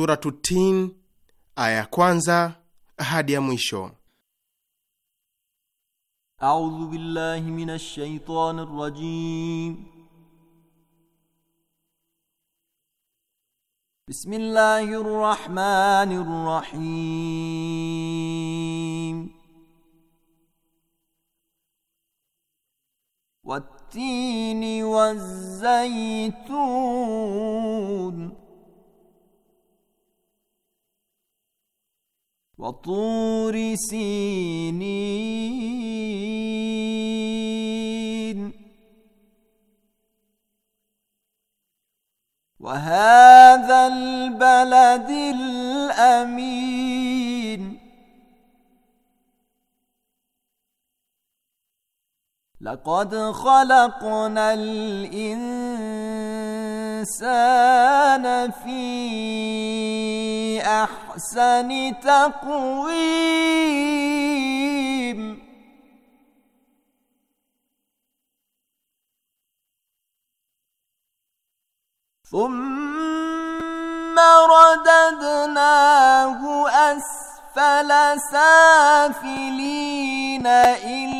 Suratu Tin aya ya kwanza hadi ya mwisho. A'udhu billahi minash shaitani rrajim. Bismillahir rahmanir rahim. Wat-tini waz-zaytun وطور سينين وهذا البلد الأمين لقد خلقنا الانسان في احسن تقويم ثم رددناه اسفل سافلين إلا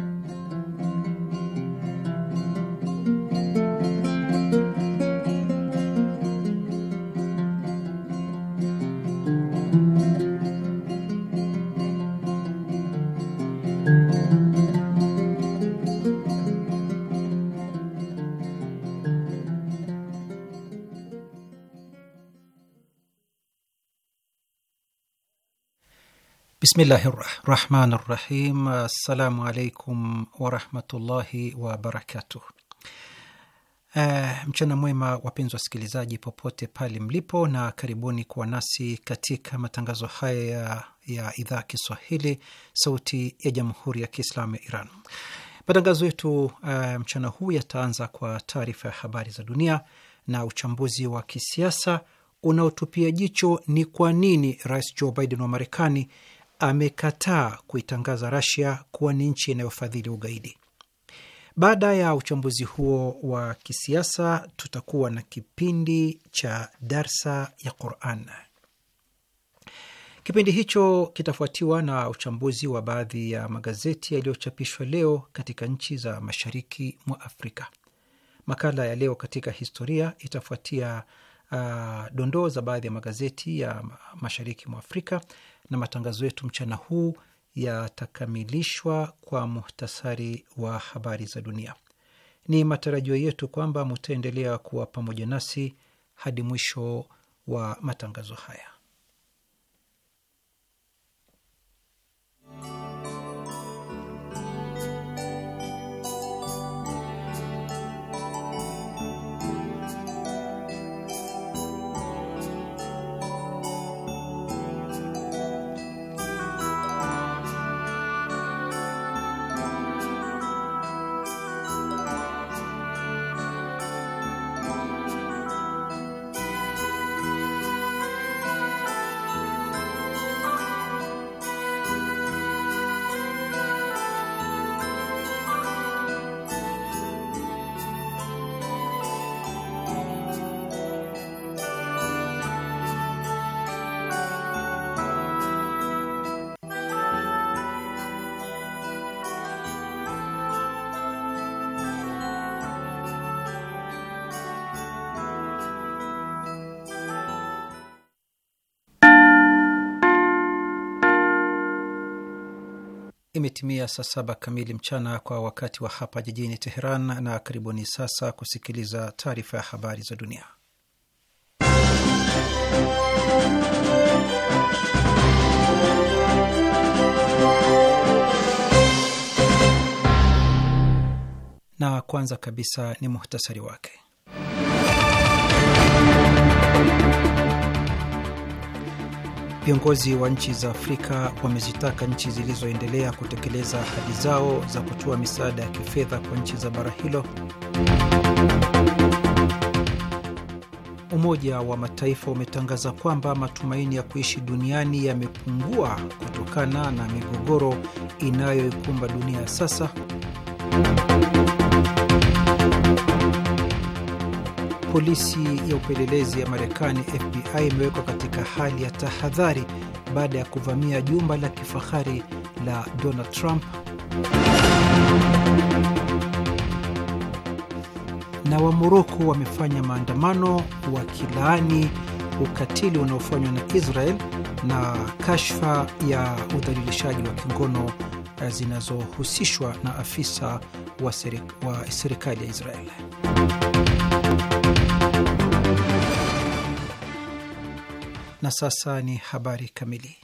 Bismillahi rahmani rahim. Assalamu alaikum warahmatullahi wabarakatuh. Uh, eh, mchana mwema wapenzi wasikilizaji, popote pale mlipo, na karibuni kuwa nasi katika matangazo haya ya, ya idhaa Kiswahili sauti ya jamhuri ya Kiislamu ya Iran. Matangazo yetu uh, mchana huu yataanza kwa taarifa ya habari za dunia na uchambuzi wa kisiasa unaotupia jicho ni kwa nini Rais Joe Biden wa Marekani amekataa kuitangaza Rasia kuwa ni nchi inayofadhili ugaidi. Baada ya uchambuzi huo wa kisiasa, tutakuwa na kipindi cha darsa ya Quran. Kipindi hicho kitafuatiwa na uchambuzi wa baadhi ya magazeti yaliyochapishwa leo katika nchi za mashariki mwa Afrika. Makala ya leo katika historia itafuatia uh, dondoo za baadhi ya magazeti ya mashariki mwa Afrika na matangazo yetu mchana huu yatakamilishwa kwa muhtasari wa habari za dunia. Ni matarajio yetu kwamba mutaendelea kuwa pamoja nasi hadi mwisho wa matangazo haya. imetimia saa saba kamili mchana kwa wakati wa hapa jijini Teheran, na karibuni sasa kusikiliza taarifa ya habari za dunia. Na kwanza kabisa ni muhtasari wake. Viongozi wa nchi za Afrika wamezitaka nchi zilizoendelea kutekeleza ahadi zao za kutoa misaada ya kifedha kwa nchi za bara hilo. Umoja wa Mataifa umetangaza kwamba matumaini ya kuishi duniani yamepungua kutokana na migogoro inayoikumba dunia sasa. polisi ya upelelezi ya Marekani FBI imewekwa katika hali ya tahadhari baada ya kuvamia jumba la kifahari la Donald Trump. Na Wamoroko wamefanya maandamano wakilaani ukatili unaofanywa na Israel na kashfa ya udhalilishaji wa kingono eh, zinazohusishwa na afisa wa serikali ya Israel. Na sasa ni habari kamili.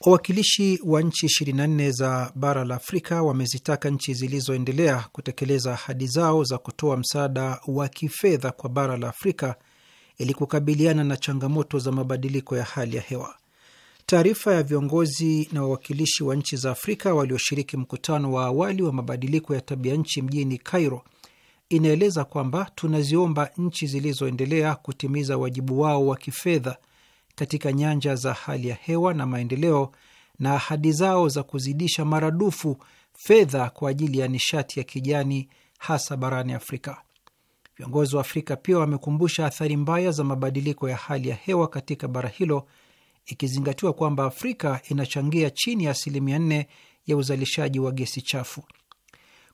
Wawakilishi wa nchi 24 za bara la Afrika wamezitaka nchi zilizoendelea kutekeleza ahadi zao za kutoa msaada wa kifedha kwa bara la Afrika ili kukabiliana na changamoto za mabadiliko ya hali ya hewa. Taarifa ya viongozi na wawakilishi wa nchi za Afrika walioshiriki mkutano wa awali wa mabadiliko ya tabia nchi mjini Cairo inaeleza kwamba tunaziomba nchi zilizoendelea kutimiza wajibu wao wa kifedha katika nyanja za hali ya hewa na maendeleo na ahadi zao za kuzidisha maradufu fedha kwa ajili ya nishati ya kijani hasa barani Afrika. Viongozi wa Afrika pia wamekumbusha athari mbaya za mabadiliko ya hali ya hewa katika bara hilo, ikizingatiwa kwamba Afrika inachangia chini ya asilimia nne ya uzalishaji wa gesi chafu.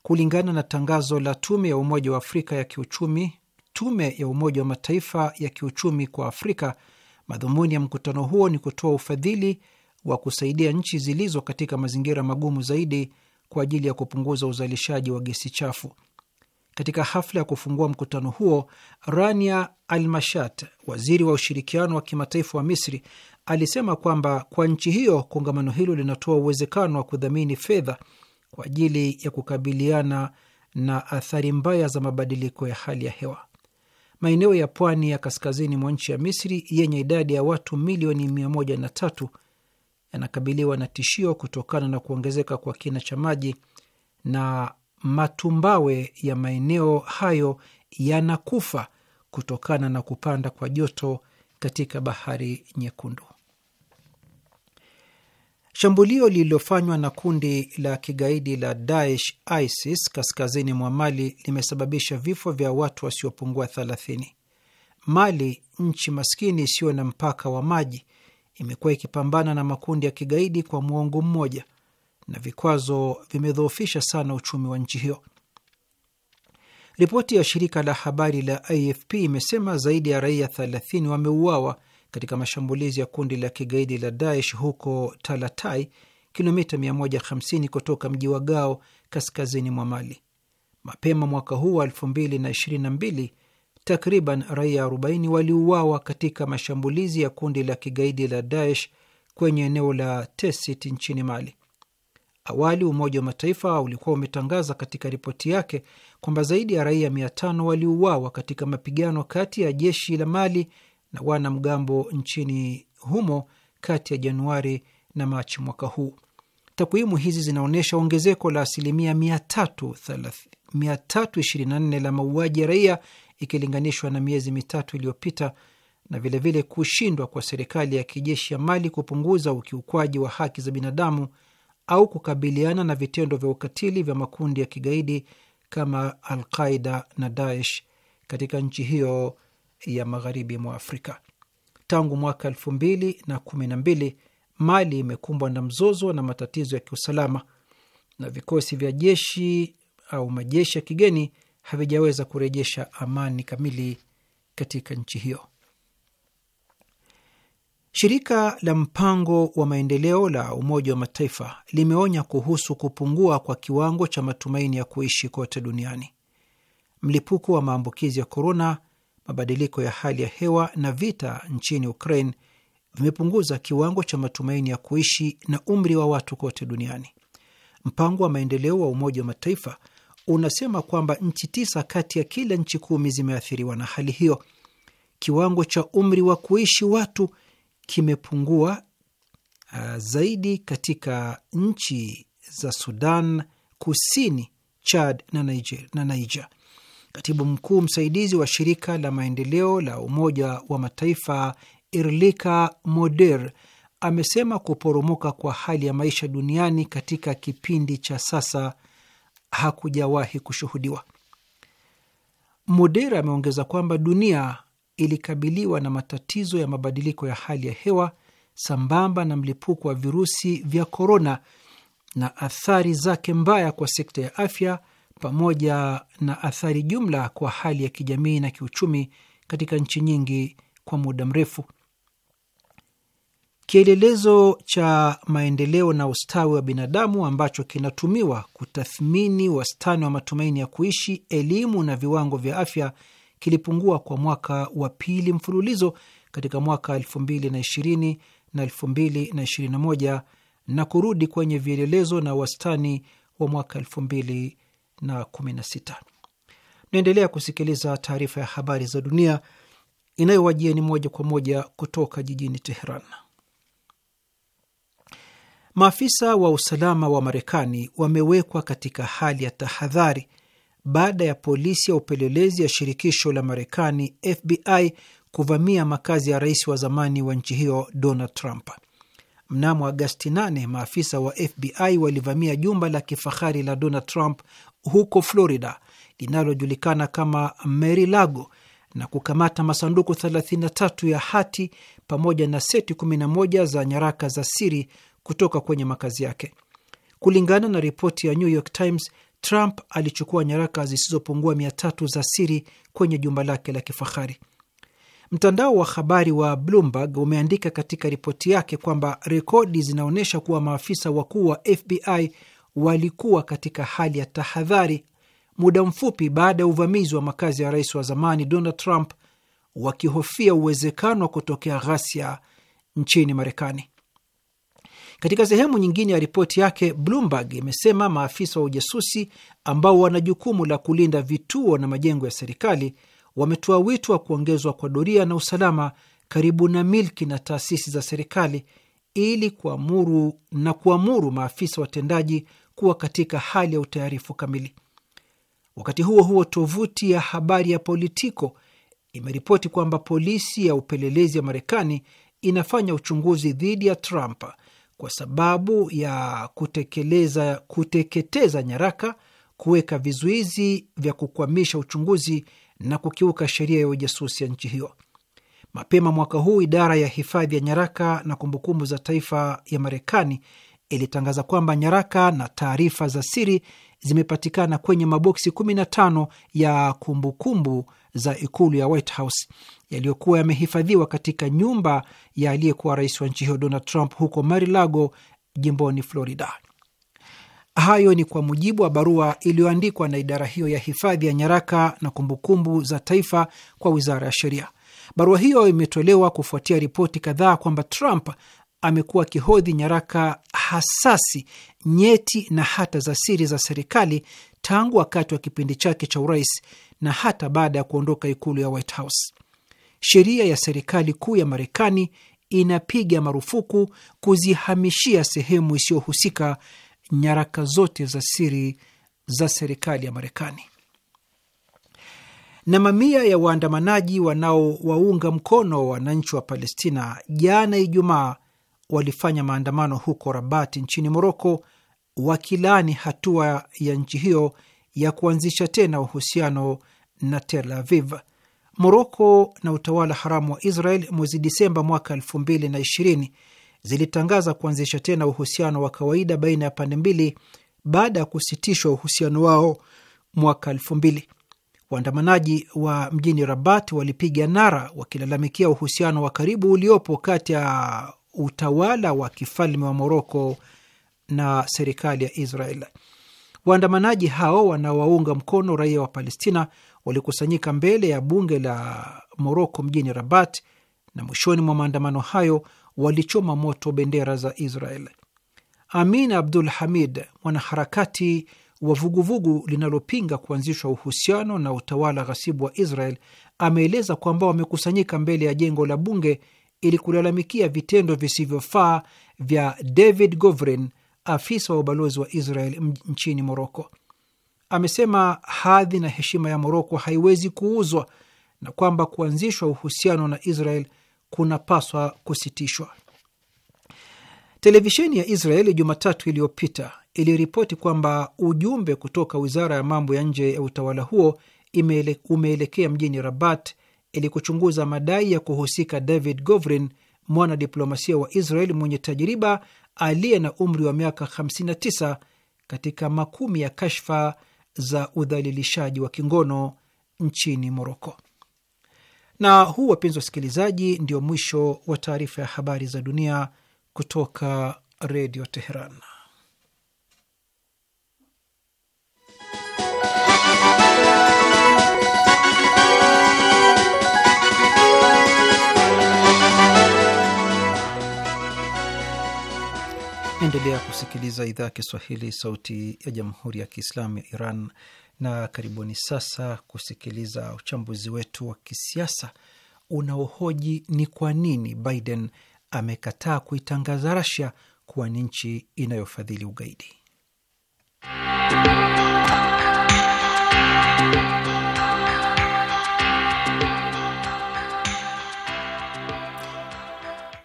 Kulingana na tangazo la tume ya Umoja wa Afrika ya kiuchumi, tume ya Umoja wa Mataifa ya kiuchumi kwa Afrika, madhumuni ya mkutano huo ni kutoa ufadhili wa kusaidia nchi zilizo katika mazingira magumu zaidi kwa ajili ya kupunguza uzalishaji wa gesi chafu. Katika hafla ya kufungua mkutano huo, Rania Almashat, waziri wa ushirikiano wa kimataifa wa Misri, alisema kwamba kwa nchi hiyo kongamano hilo linatoa uwezekano wa kudhamini fedha kwa ajili ya kukabiliana na athari mbaya za mabadiliko ya hali ya hewa. Maeneo ya pwani ya kaskazini mwa nchi ya Misri yenye idadi ya watu milioni 103 yanakabiliwa na tishio kutokana na kuongezeka kwa kina cha maji na matumbawe ya maeneo hayo yanakufa kutokana na kupanda kwa joto katika bahari Nyekundu. Shambulio lililofanywa na kundi la kigaidi la Daesh ISIS kaskazini mwa Mali limesababisha vifo vya watu wasiopungua 30. Mali, nchi maskini isiyo na mpaka wa maji, imekuwa ikipambana na makundi ya kigaidi kwa mwongo mmoja na vikwazo vimedhoofisha sana uchumi wa nchi hiyo. Ripoti ya shirika la habari la AFP imesema zaidi ya raia 30 wameuawa katika mashambulizi ya kundi la kigaidi la Daesh huko Talatai, kilomita 150 kutoka mji wa Gao, kaskazini mwa Mali. Mapema mwaka huu wa 2022 takriban raia 40 waliuawa katika mashambulizi ya kundi la kigaidi la Daesh kwenye eneo la Tesit nchini Mali. Awali Umoja wa Mataifa ulikuwa umetangaza katika ripoti yake kwamba zaidi ya raia 500 waliuawa katika mapigano kati ya jeshi la Mali na wanamgambo nchini humo kati ya Januari na Machi mwaka huu. Takwimu hizi zinaonyesha ongezeko la asilimia 324 la mauaji ya raia ikilinganishwa na miezi mitatu iliyopita, na vilevile kushindwa kwa serikali ya kijeshi ya Mali kupunguza ukiukwaji wa haki za binadamu au kukabiliana na vitendo vya ukatili vya makundi ya kigaidi kama Alqaida na Daesh katika nchi hiyo ya magharibi mwa Afrika. Tangu mwaka elfu mbili na kumi na mbili Mali imekumbwa na mzozo na matatizo ya kiusalama na vikosi vya jeshi au majeshi ya kigeni havijaweza kurejesha amani kamili katika nchi hiyo. Shirika la mpango wa maendeleo la Umoja wa Mataifa limeonya kuhusu kupungua kwa kiwango cha matumaini ya kuishi kote duniani. Mlipuko wa maambukizi ya korona mabadiliko ya hali ya hewa na vita nchini Ukraine vimepunguza kiwango cha matumaini ya kuishi na umri wa watu kote duniani. Mpango wa maendeleo wa Umoja wa Mataifa unasema kwamba nchi tisa kati ya kila nchi kumi zimeathiriwa na hali hiyo. Kiwango cha umri wa kuishi watu kimepungua uh, zaidi katika nchi za Sudan Kusini, Chad na Niger, na Niger. Katibu mkuu msaidizi wa shirika la maendeleo la Umoja wa Mataifa Irlika Moder amesema kuporomoka kwa hali ya maisha duniani katika kipindi cha sasa hakujawahi kushuhudiwa. Moder ameongeza kwamba dunia ilikabiliwa na matatizo ya mabadiliko ya hali ya hewa sambamba na mlipuko wa virusi vya korona na athari zake mbaya kwa sekta ya afya pamoja na athari jumla kwa hali ya kijamii na kiuchumi katika nchi nyingi kwa muda mrefu. Kielelezo cha maendeleo na ustawi wa binadamu ambacho kinatumiwa kutathmini wastani wa matumaini ya kuishi, elimu na viwango vya afya kilipungua kwa mwaka wa pili mfululizo katika mwaka 2020 na 2021 na kurudi kwenye vielelezo na wastani wa mwaka na 16. Mnaendelea kusikiliza taarifa ya habari za dunia inayowajieni moja kwa moja kutoka jijini Teheran. Maafisa wa usalama wa Marekani wamewekwa katika hali ya tahadhari baada ya polisi ya upelelezi ya shirikisho la Marekani FBI kuvamia makazi ya rais wa zamani wa nchi hiyo Donald Trump. Mnamo Agasti 8 maafisa wa FBI walivamia jumba la kifahari la Donald Trump huko Florida linalojulikana kama mery lago na kukamata masanduku 33 ya hati pamoja na seti 11 za nyaraka za siri kutoka kwenye makazi yake. Kulingana na ripoti ya New York Times, Trump alichukua nyaraka zisizopungua 300 za siri kwenye jumba lake la kifahari. Mtandao wa habari wa Bloomberg umeandika katika ripoti yake kwamba rekodi zinaonyesha kuwa maafisa wakuu wa FBI walikuwa katika hali ya tahadhari muda mfupi baada ya uvamizi wa makazi ya rais wa zamani Donald Trump, wakihofia uwezekano wa kutokea ghasia nchini Marekani. Katika sehemu nyingine ya ripoti yake, Bloomberg imesema maafisa wa ujasusi ambao wana jukumu la kulinda vituo na majengo ya serikali wametoa wito wa kuongezwa kwa doria na usalama karibu na milki na taasisi za serikali ili kuamuru na kuamuru maafisa watendaji kuwa katika hali ya utayarifu kamili. Wakati huo huo, tovuti ya habari ya Politico imeripoti kwamba polisi ya upelelezi ya Marekani inafanya uchunguzi dhidi ya Trump kwa sababu ya kutekeleza kuteketeza nyaraka, kuweka vizuizi vya kukwamisha uchunguzi na kukiuka sheria ya ujasusi ya nchi hiyo. Mapema mwaka huu idara ya hifadhi ya nyaraka na kumbukumbu za taifa ya Marekani ilitangaza kwamba nyaraka na taarifa za siri zimepatikana kwenye maboksi 15 ya kumbukumbu kumbu za ikulu ya White House yaliyokuwa yamehifadhiwa katika nyumba ya aliyekuwa rais wa nchi hiyo Donald Trump huko Marilago jimboni Florida. Hayo ni kwa mujibu wa barua iliyoandikwa na idara hiyo ya hifadhi ya nyaraka na kumbukumbu kumbu za taifa kwa wizara ya sheria. Barua hiyo imetolewa kufuatia ripoti kadhaa kwamba Trump amekuwa akihodhi nyaraka hasasi, nyeti na hata za siri za serikali tangu wakati wa kipindi chake cha urais na hata baada ya kuondoka ikulu ya White House. Sheria ya serikali kuu ya Marekani inapiga marufuku kuzihamishia sehemu isiyohusika nyaraka zote za siri za serikali ya Marekani. Na mamia ya waandamanaji wanaowaunga mkono wananchi wa Palestina jana Ijumaa walifanya maandamano huko Rabati nchini Moroko wakilaani hatua ya nchi hiyo ya kuanzisha tena uhusiano na Tel Aviv. Moroko na utawala haramu wa Israel mwezi Disemba mwaka 2020 zilitangaza kuanzisha tena uhusiano wa kawaida baina ya pande mbili baada ya kusitishwa uhusiano wao mwaka 2000. Waandamanaji wa mjini Rabat walipiga nara wakilalamikia uhusiano wa karibu uliopo kati ya utawala wa kifalme wa Moroko na serikali ya Israel. Waandamanaji hao wanawaunga mkono raia wa Palestina walikusanyika mbele ya bunge la Moroko mjini Rabat, na mwishoni mwa maandamano hayo walichoma moto bendera za Israel. Amin Abdul Hamid, mwanaharakati wa vuguvugu linalopinga kuanzishwa uhusiano na utawala ghasibu wa Israel, ameeleza kwamba wamekusanyika mbele ya jengo la bunge ili kulalamikia vitendo visivyofaa vya David govrin afisa wa ubalozi wa Israel nchini Moroko. Amesema hadhi na heshima ya Moroko haiwezi kuuzwa na kwamba kuanzishwa uhusiano na Israel kunapaswa kusitishwa. Televisheni ya Israel Jumatatu iliyopita iliripoti kwamba ujumbe kutoka wizara ya mambo ya nje ya utawala huo umeelekea mjini Rabat ili kuchunguza madai ya kuhusika David Govrin, mwanadiplomasia wa Israel mwenye tajiriba aliye na umri wa miaka 59 katika makumi ya kashfa za udhalilishaji wa kingono nchini Moroko. Na huu, wapenzi wasikilizaji, ndio mwisho wa taarifa ya habari za dunia kutoka Redio Teheran. endelea kusikiliza idhaa ya Kiswahili, sauti ya jamhuri ya kiislamu ya Iran, na karibuni sasa kusikiliza uchambuzi wetu wa kisiasa unaohoji ni kwa nini Biden amekataa kuitangaza Rasia kuwa ni nchi inayofadhili ugaidi.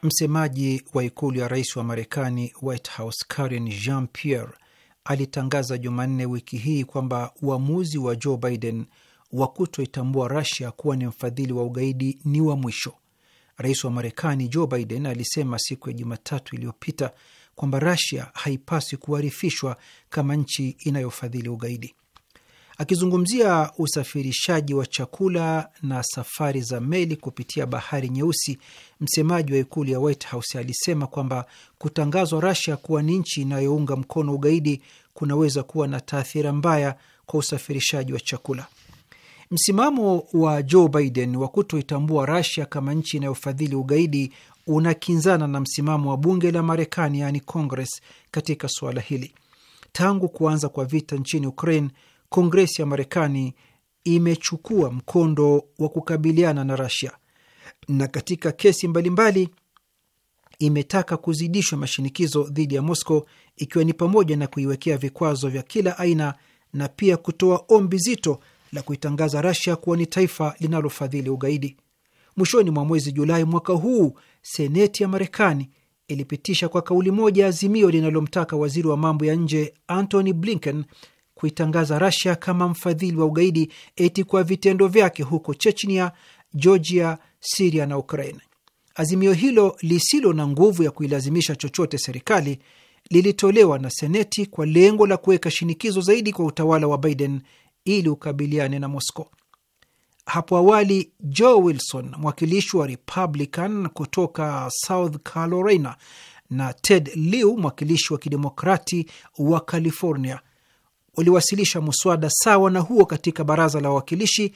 Msemaji wa ikulu ya rais wa Marekani, White House, Karen Jean Pierre alitangaza Jumanne wiki hii kwamba uamuzi wa Joe Biden wa kutoitambua rasia kuwa ni mfadhili wa ugaidi ni wa mwisho. Rais wa Marekani Joe Biden alisema siku ya Jumatatu iliyopita kwamba rasia haipaswi kuarifishwa kama nchi inayofadhili ugaidi. Akizungumzia usafirishaji wa chakula na safari za meli kupitia bahari Nyeusi, msemaji wa ikulu ya White House alisema kwamba kutangazwa Russia kuwa ni nchi inayounga mkono ugaidi kunaweza kuwa na taathira mbaya kwa usafirishaji wa chakula. Msimamo wa Joe Biden wa kutoitambua Russia kama nchi inayofadhili ugaidi unakinzana na msimamo wa bunge la Marekani, yaani Congress, katika suala hili. Tangu kuanza kwa vita nchini Ukraine, Kongresi ya Marekani imechukua mkondo wa kukabiliana na Rasia na katika kesi mbalimbali imetaka kuzidishwa mashinikizo dhidi ya Moscow ikiwa ni pamoja na kuiwekea vikwazo vya kila aina na pia kutoa ombi zito la kuitangaza Rasia kuwa ni taifa linalofadhili ugaidi. Mwishoni mwa mwezi Julai mwaka huu, Seneti ya Marekani ilipitisha kwa kauli moja azimio linalomtaka waziri wa mambo ya nje Antony Blinken kuitangaza Rasia kama mfadhili wa ugaidi eti kwa vitendo vyake huko Chechnia, Georgia, Siria na Ukraine. Azimio hilo lisilo na nguvu ya kuilazimisha chochote serikali lilitolewa na Seneti kwa lengo la kuweka shinikizo zaidi kwa utawala wa Biden ili ukabiliane na Moscow. Hapo awali Joe Wilson, mwakilishi wa Republican kutoka South Carolina, na Ted Lieu, mwakilishi wa kidemokrati wa California, uliwasilisha muswada sawa na huo katika baraza la wawakilishi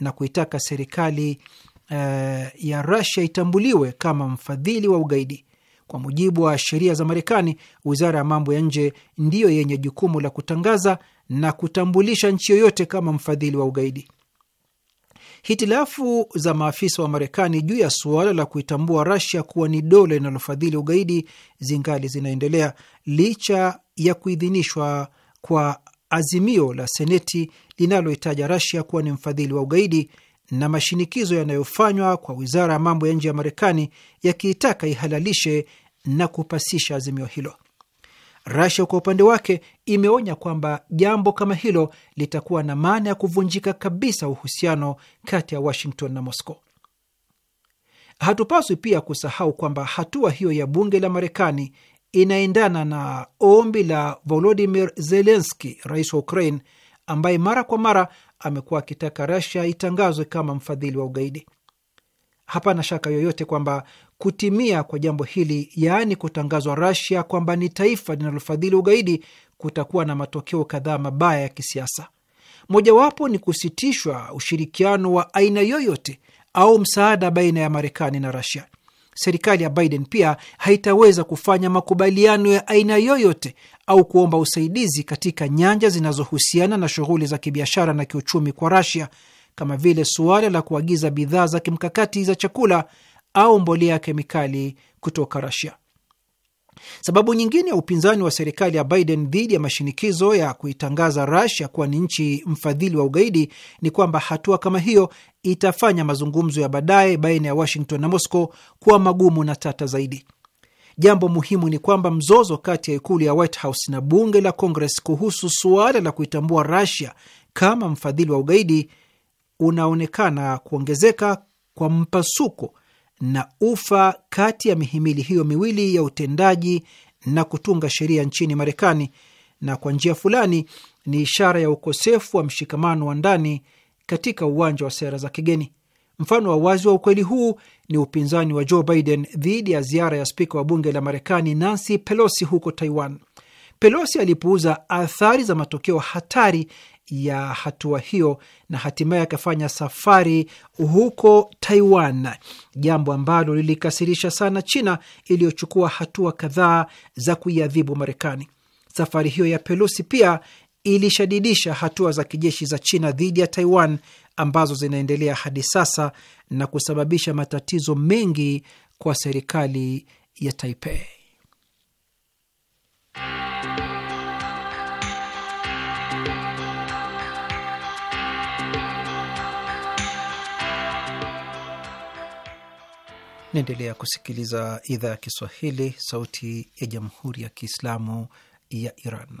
na kuitaka serikali uh, ya rasia itambuliwe kama mfadhili wa ugaidi. Kwa mujibu wa sheria za Marekani, wizara ya mambo ya nje ndiyo yenye jukumu la kutangaza na kutambulisha nchi yoyote kama mfadhili wa ugaidi. Hitilafu za maafisa wa Marekani juu ya suala la kuitambua Rasia kuwa ni dola linalofadhili ugaidi zingali zinaendelea licha ya kuidhinishwa kwa azimio la Seneti linaloitaja Rasia kuwa ni mfadhili wa ugaidi na mashinikizo yanayofanywa kwa wizara ya mambo ya nje ya Marekani yakiitaka ihalalishe na kupasisha azimio hilo. Rasia kwa upande wake imeonya kwamba jambo kama hilo litakuwa na maana ya kuvunjika kabisa uhusiano kati ya Washington na Moscow. Hatupaswi pia kusahau kwamba hatua hiyo ya bunge la Marekani inaendana na ombi la Volodimir Zelenski, rais wa Ukraine, ambaye mara kwa mara amekuwa akitaka Rasia itangazwe kama mfadhili wa ugaidi. Hapana shaka yoyote kwamba kutimia kwa jambo hili, yaani kutangazwa Rasia kwamba ni taifa linalofadhili ugaidi, kutakuwa na matokeo kadhaa mabaya ya kisiasa. Mojawapo ni kusitishwa ushirikiano wa aina yoyote au msaada baina ya Marekani na Rasia serikali ya Biden pia haitaweza kufanya makubaliano ya aina yoyote au kuomba usaidizi katika nyanja zinazohusiana na shughuli za kibiashara na kiuchumi kwa Russia kama vile suala la kuagiza bidhaa za kimkakati za chakula au mbolea ya kemikali kutoka Russia. Sababu nyingine ya upinzani wa serikali ya Biden dhidi ya mashinikizo ya kuitangaza Russia kuwa ni nchi mfadhili wa ugaidi ni kwamba hatua kama hiyo itafanya mazungumzo ya baadaye baina ya Washington na Moscow kuwa magumu na tata zaidi. Jambo muhimu ni kwamba mzozo kati ya ikulu ya White House na bunge la Congress kuhusu suala la kuitambua Russia kama mfadhili wa ugaidi unaonekana kuongezeka kwa mpasuko na ufa kati ya mihimili hiyo miwili ya utendaji na kutunga sheria nchini Marekani, na kwa njia fulani ni ishara ya ukosefu wa mshikamano wa ndani katika uwanja wa sera za kigeni. Mfano wa wazi wa ukweli huu ni upinzani wa Joe Biden dhidi ya ziara ya spika wa bunge la Marekani Nancy Pelosi huko Taiwan. Pelosi alipuuza athari za matokeo hatari ya hatua hiyo na hatimaye akafanya safari huko Taiwan, jambo ambalo lilikasirisha sana China iliyochukua hatua kadhaa za kuiadhibu Marekani. Safari hiyo ya Pelosi pia ilishadidisha hatua za kijeshi za China dhidi ya Taiwan ambazo zinaendelea hadi sasa na kusababisha matatizo mengi kwa serikali ya Taipei. Naendelea kusikiliza idhaa ya Kiswahili, sauti ya jamhuri ya kiislamu ya Iran.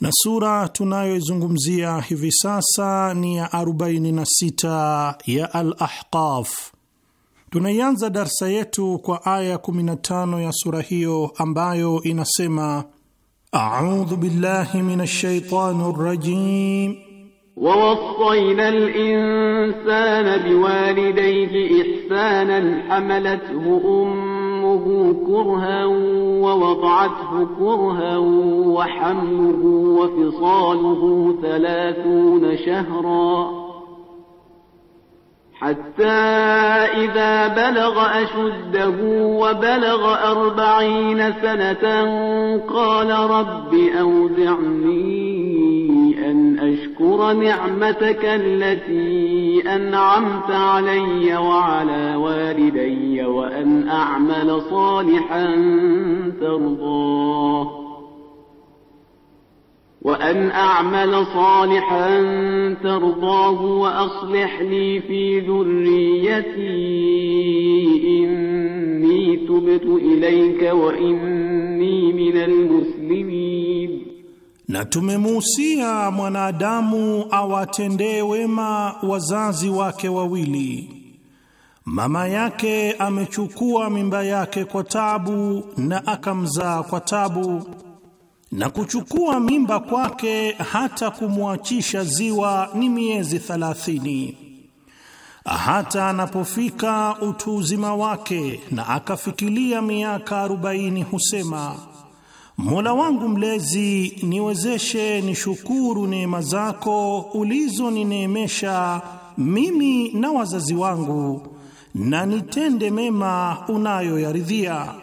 na sura tunayoizungumzia hivi sasa ni ya 46 ya Al-Ahqaf. Tunaianza darsa yetu kwa aya 15 ya sura hiyo ambayo inasema: audhu billahi minash shaitani rajim wa al-insana biwalidayhi ihsanan hamalathu ummuhu أمه كرها ووضعته كرها وحمله وفصاله ثلاثون شهرا حتى إذا بلغ أشده وبلغ أربعين سنة قال رب أوزعني أن أشكر نعمتك التي أنعمت علي وعلى والدي وأن أعمل صالحا ترضاه وأن أعمل صالحا ترضاه وأصلح لي في ذريتي إني تبت إليك وإني من المسلمين na tumemuhusia mwanadamu awatendee wema wazazi wake wawili. Mama yake amechukua mimba yake kwa tabu na akamzaa kwa tabu na kuchukua mimba kwake hata kumwachisha ziwa ni miezi thalathini. Hata anapofika utu uzima wake na akafikilia miaka arobaini, husema Mola wangu mlezi, niwezeshe nishukuru neema zako ulizonineemesha mimi na wazazi wangu, na nitende mema unayoyaridhia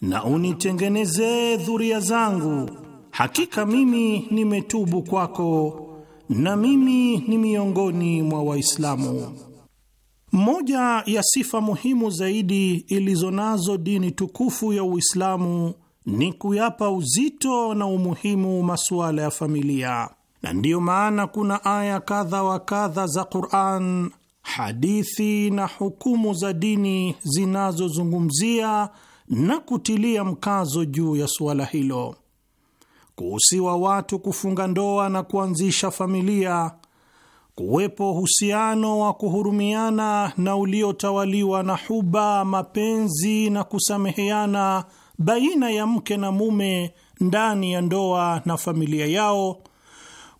na unitengenezee dhuria zangu, hakika mimi nimetubu kwako na mimi ni miongoni mwa Waislamu. Moja ya sifa muhimu zaidi ilizo nazo dini tukufu ya Uislamu ni kuyapa uzito na umuhimu masuala ya familia, na ndiyo maana kuna aya kadha wa kadha za Qur'an, hadithi na hukumu za dini zinazozungumzia na kutilia mkazo juu ya suala hilo. Kuhusiwa watu kufunga ndoa na kuanzisha familia, kuwepo uhusiano wa kuhurumiana na uliotawaliwa na huba, mapenzi na kusameheana baina ya mke na mume ndani ya ndoa na familia yao,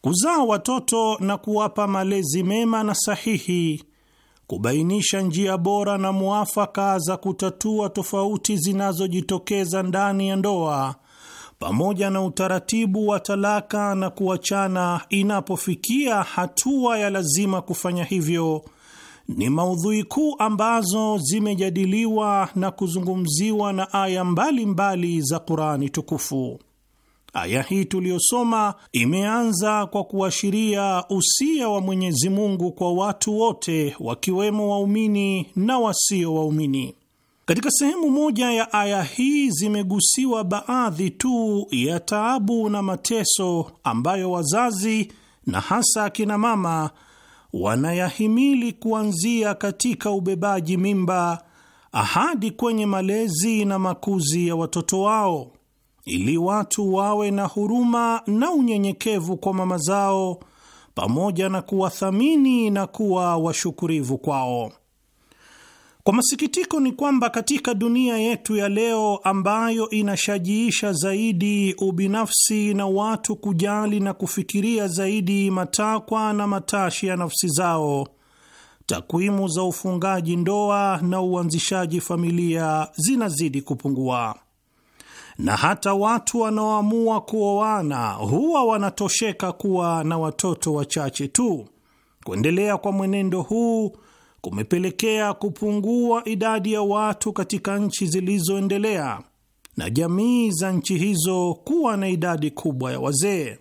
kuzaa watoto na kuwapa malezi mema na sahihi kubainisha njia bora na muafaka za kutatua tofauti zinazojitokeza ndani ya ndoa pamoja na utaratibu wa talaka na kuachana inapofikia hatua ya lazima kufanya hivyo ni maudhui kuu ambazo zimejadiliwa na kuzungumziwa na aya mbalimbali mbali za Qur'ani tukufu. Aya hii tuliyosoma imeanza kwa kuashiria usia wa Mwenyezi Mungu kwa watu wote wakiwemo waumini na wasio waumini. Katika sehemu moja ya aya hii zimegusiwa baadhi tu ya taabu na mateso ambayo wazazi na hasa akina mama wanayahimili kuanzia katika ubebaji mimba ahadi kwenye malezi na makuzi ya watoto wao ili watu wawe na huruma na unyenyekevu kwa mama zao, pamoja na kuwathamini na kuwa washukurivu kwao. Kwa masikitiko ni kwamba katika dunia yetu ya leo ambayo inashajiisha zaidi ubinafsi na watu kujali na kufikiria zaidi matakwa na matashi ya nafsi zao, takwimu za ufungaji ndoa na uanzishaji familia zinazidi kupungua na hata watu wanaoamua kuoana huwa wanatosheka kuwa na watoto wachache tu. Kuendelea kwa mwenendo huu kumepelekea kupungua idadi ya watu katika nchi zilizoendelea na jamii za nchi hizo kuwa na idadi kubwa ya wazee.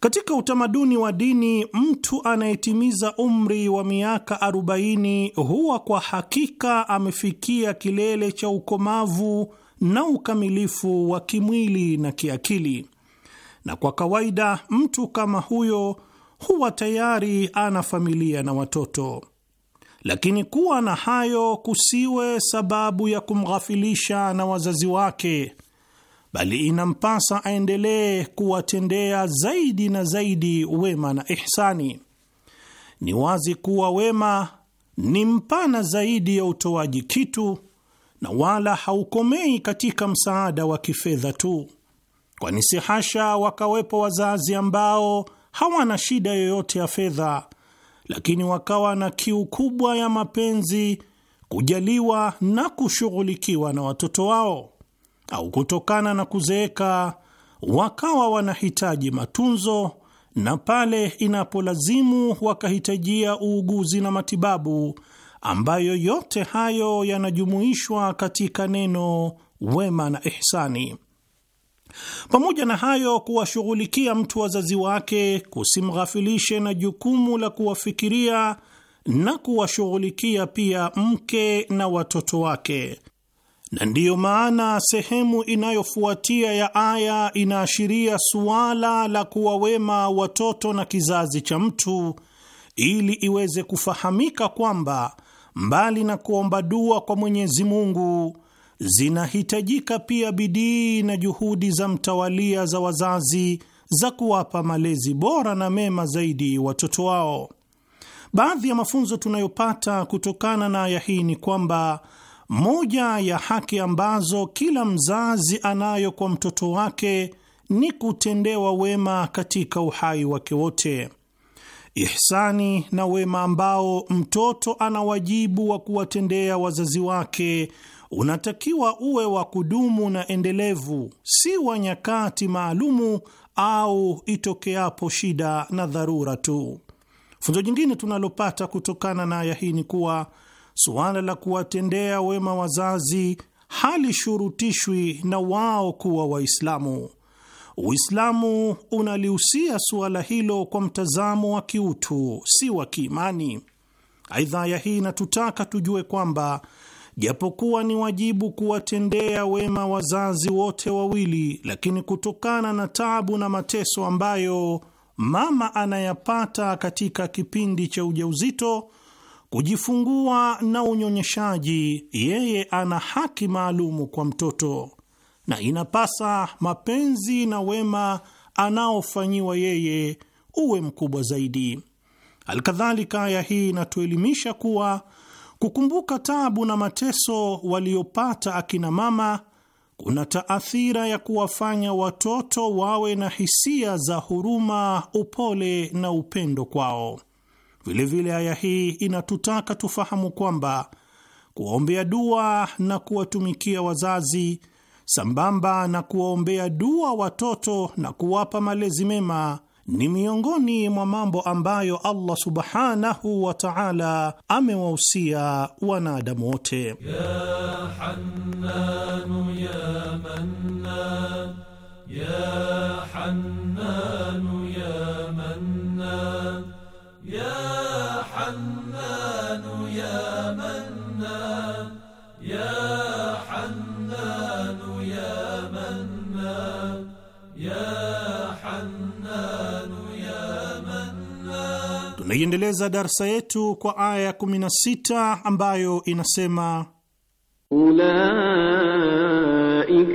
Katika utamaduni wa dini, mtu anayetimiza umri wa miaka 40 huwa kwa hakika amefikia kilele cha ukomavu na ukamilifu wa kimwili na kiakili, na kwa kawaida mtu kama huyo huwa tayari ana familia na watoto. Lakini kuwa na hayo kusiwe sababu ya kumghafilisha na wazazi wake, bali inampasa aendelee kuwatendea zaidi na zaidi wema na ihsani. Ni wazi kuwa wema ni mpana zaidi ya utoaji kitu na wala haukomei katika msaada wa kifedha tu, kwani si hasha wakawepo wazazi ambao hawana shida yoyote ya fedha, lakini wakawa na kiu kubwa ya mapenzi, kujaliwa na kushughulikiwa na watoto wao, au kutokana na kuzeeka wakawa wanahitaji matunzo na pale inapolazimu wakahitajia uuguzi na matibabu ambayo yote hayo yanajumuishwa katika neno wema na ihsani. Pamoja na hayo, kuwashughulikia mtu wazazi wake kusimghafilishe na jukumu la kuwafikiria na kuwashughulikia pia mke na watoto wake, na ndiyo maana sehemu inayofuatia ya aya inaashiria suala la kuwa wema watoto na kizazi cha mtu, ili iweze kufahamika kwamba mbali na kuomba dua kwa Mwenyezi Mungu, zinahitajika pia bidii na juhudi za mtawalia za wazazi za kuwapa malezi bora na mema zaidi watoto wao. Baadhi ya mafunzo tunayopata kutokana na aya hii ni kwamba moja ya haki ambazo kila mzazi anayo kwa mtoto wake ni kutendewa wema katika uhai wake wote ihsani na wema ambao mtoto ana wajibu wa kuwatendea wazazi wake unatakiwa uwe wa kudumu na endelevu, si wa nyakati maalumu au itokeapo shida na dharura tu. Funzo jingine tunalopata kutokana na aya hii ni kuwa suala la kuwatendea wema wazazi halishurutishwi na wao kuwa Waislamu. Uislamu unalihusia suala hilo kwa mtazamo wa kiutu, si wa kiimani. Aidha, ya hii inatutaka tujue kwamba japokuwa ni wajibu kuwatendea wema wazazi wote wawili, lakini kutokana na tabu na mateso ambayo mama anayapata katika kipindi cha ujauzito, kujifungua na unyonyeshaji, yeye ana haki maalumu kwa mtoto na inapasa mapenzi na wema anaofanyiwa yeye uwe mkubwa zaidi. Alkadhalika, aya hii inatuelimisha kuwa kukumbuka tabu na mateso waliopata akina mama kuna taathira ya kuwafanya watoto wawe na hisia za huruma, upole na upendo kwao. Vilevile aya hii inatutaka tufahamu kwamba kuwaombea dua na kuwatumikia wazazi sambamba na kuwaombea dua watoto na kuwapa malezi mema ni miongoni mwa mambo ambayo Allah subhanahu wa ta'ala amewahusia wanadamu wote. Ya يا حنان يا منان يا حنان يا منان. Tunaiendeleza darsa yetu kwa aya ya 16 ambayo inasema أولئك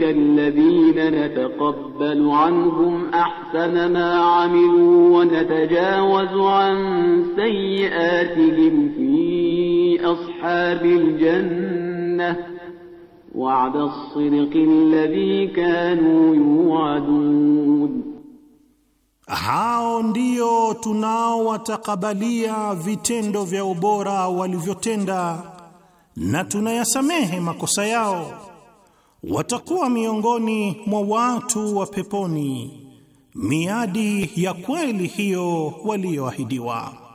الذين نتقبل عنهم أحسن ما عملوا ونتجاوز عن سيئاتهم في أصحاب الجنة الجنة وعد الصدق الذي كانوا يوعدون Hao ndio tunaowatakabalia vitendo vya ubora walivyotenda na tunayasamehe makosa yao. Watakuwa miongoni mwa watu wa peponi, miadi ya kweli hiyo walioahidiwa.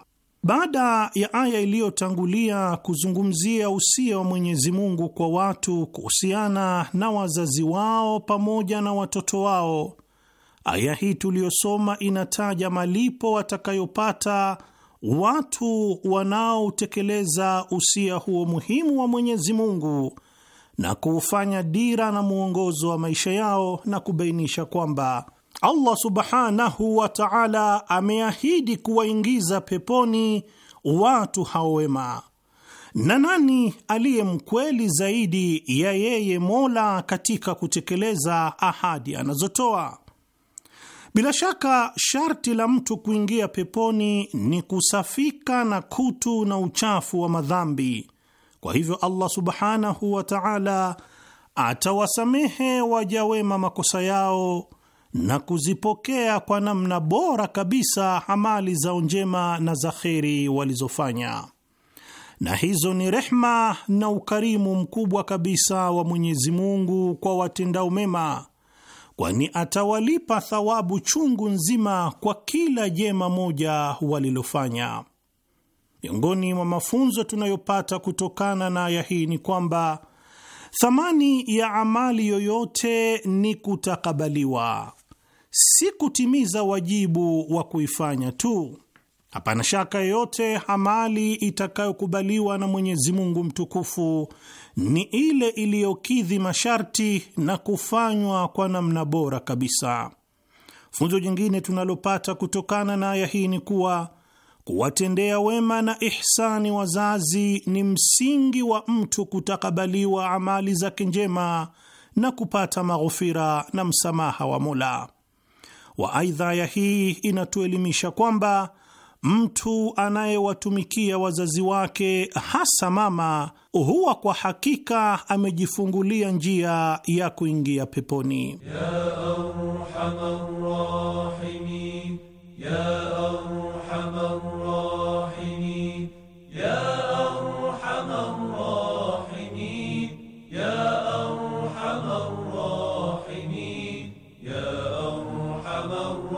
Baada ya aya iliyotangulia kuzungumzia usia wa Mwenyezi Mungu kwa watu kuhusiana na wazazi wao pamoja na watoto wao, aya hii tuliyosoma inataja malipo watakayopata watu wanaotekeleza usia huo muhimu wa Mwenyezi Mungu na kuufanya dira na mwongozo wa maisha yao na kubainisha kwamba Allah subhanahu wa ta'ala ameahidi kuwaingiza peponi watu hao wema. Na nani aliye mkweli zaidi ya yeye Mola katika kutekeleza ahadi anazotoa? Bila shaka sharti la mtu kuingia peponi ni kusafika na kutu na uchafu wa madhambi. Kwa hivyo Allah subhanahu wa ta'ala atawasamehe waja wema makosa yao na kuzipokea kwa namna bora kabisa amali zao njema na za kheri walizofanya, na hizo ni rehma na ukarimu mkubwa kabisa wa Mwenyezi Mungu kwa watendao mema, kwani atawalipa thawabu chungu nzima kwa kila jema moja walilofanya. Miongoni mwa mafunzo tunayopata kutokana na aya hii ni kwamba thamani ya amali yoyote ni kutakabaliwa si kutimiza wajibu wa kuifanya tu. Hapana shaka yoyote, amali itakayokubaliwa na Mwenyezi Mungu mtukufu ni ile iliyokidhi masharti na kufanywa kwa namna bora kabisa. Funzo jingine tunalopata kutokana na aya hii ni kuwa kuwatendea wema na ihsani wazazi ni msingi wa mtu kutakabaliwa amali zake njema na kupata maghufira na msamaha wa Mola aidha ya hii inatuelimisha kwamba mtu anayewatumikia wazazi wake, hasa mama, huwa kwa hakika amejifungulia njia ya kuingia peponi ya Ya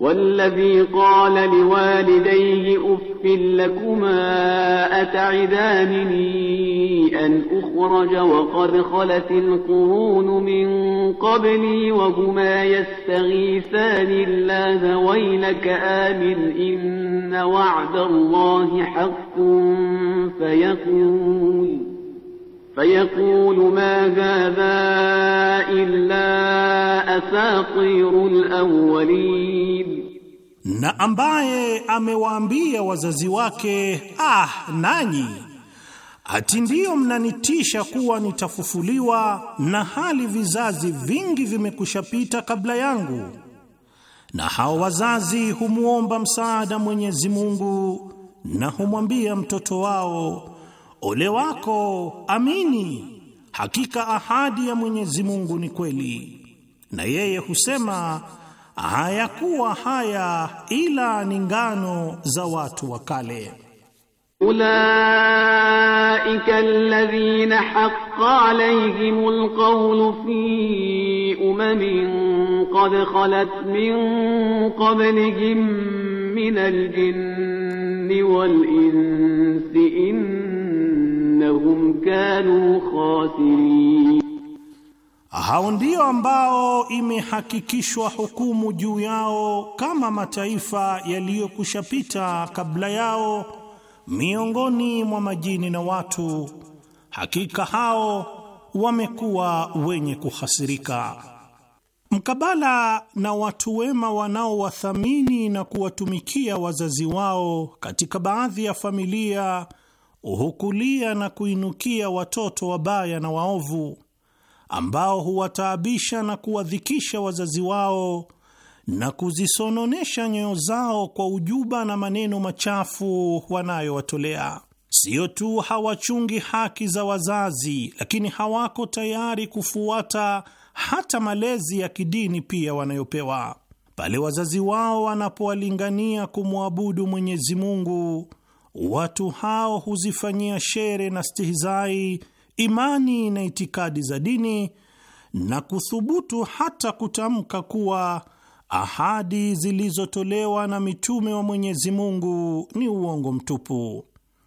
والذي قال لوالديه أف لكما أتعدانني أن أخرج وقد خلت القرون من قبلي وهما يستغيثان الله ويلك آمن إن وعد الله حق فيقول فيقول ما هذا إلا أساطير الأولين na ambaye amewaambia wazazi wake, ah, nanyi ati ndiyo mnanitisha kuwa nitafufuliwa, na hali vizazi vingi vimekushapita kabla yangu. Na hao wazazi humwomba msaada Mwenyezi Mungu na humwambia mtoto wao Ole wako, amini, hakika ahadi ya Mwenyezi Mungu ni kweli, na yeye husema hayakuwa haya ila ni ngano za watu wa kale. Ulaika alladhina haqqa alayhimul qawlu fi umamin qad khalat min qablihim min aljinni wal insi innahum kanu khasirin, hao ndio ambao imehakikishwa hukumu juu yao kama mataifa yaliyokushapita kabla yao miongoni mwa majini na watu, hakika hao wamekuwa wenye kuhasirika. Mkabala na watu wema wanaowathamini na kuwatumikia wazazi wao, katika baadhi ya familia hukulia na kuinukia watoto wabaya na waovu ambao huwataabisha na kuwadhikisha wazazi wao na kuzisononesha nyoyo zao kwa ujuba na maneno machafu wanayowatolea. Sio tu hawachungi haki za wazazi, lakini hawako tayari kufuata hata malezi ya kidini pia wanayopewa. Pale wazazi wao wanapowalingania kumwabudu Mwenyezi Mungu watu hao huzifanyia shere na stihizai imani na itikadi za dini na kuthubutu hata kutamka kuwa ahadi zilizotolewa na mitume wa Mwenyezi Mungu ni uongo mtupu.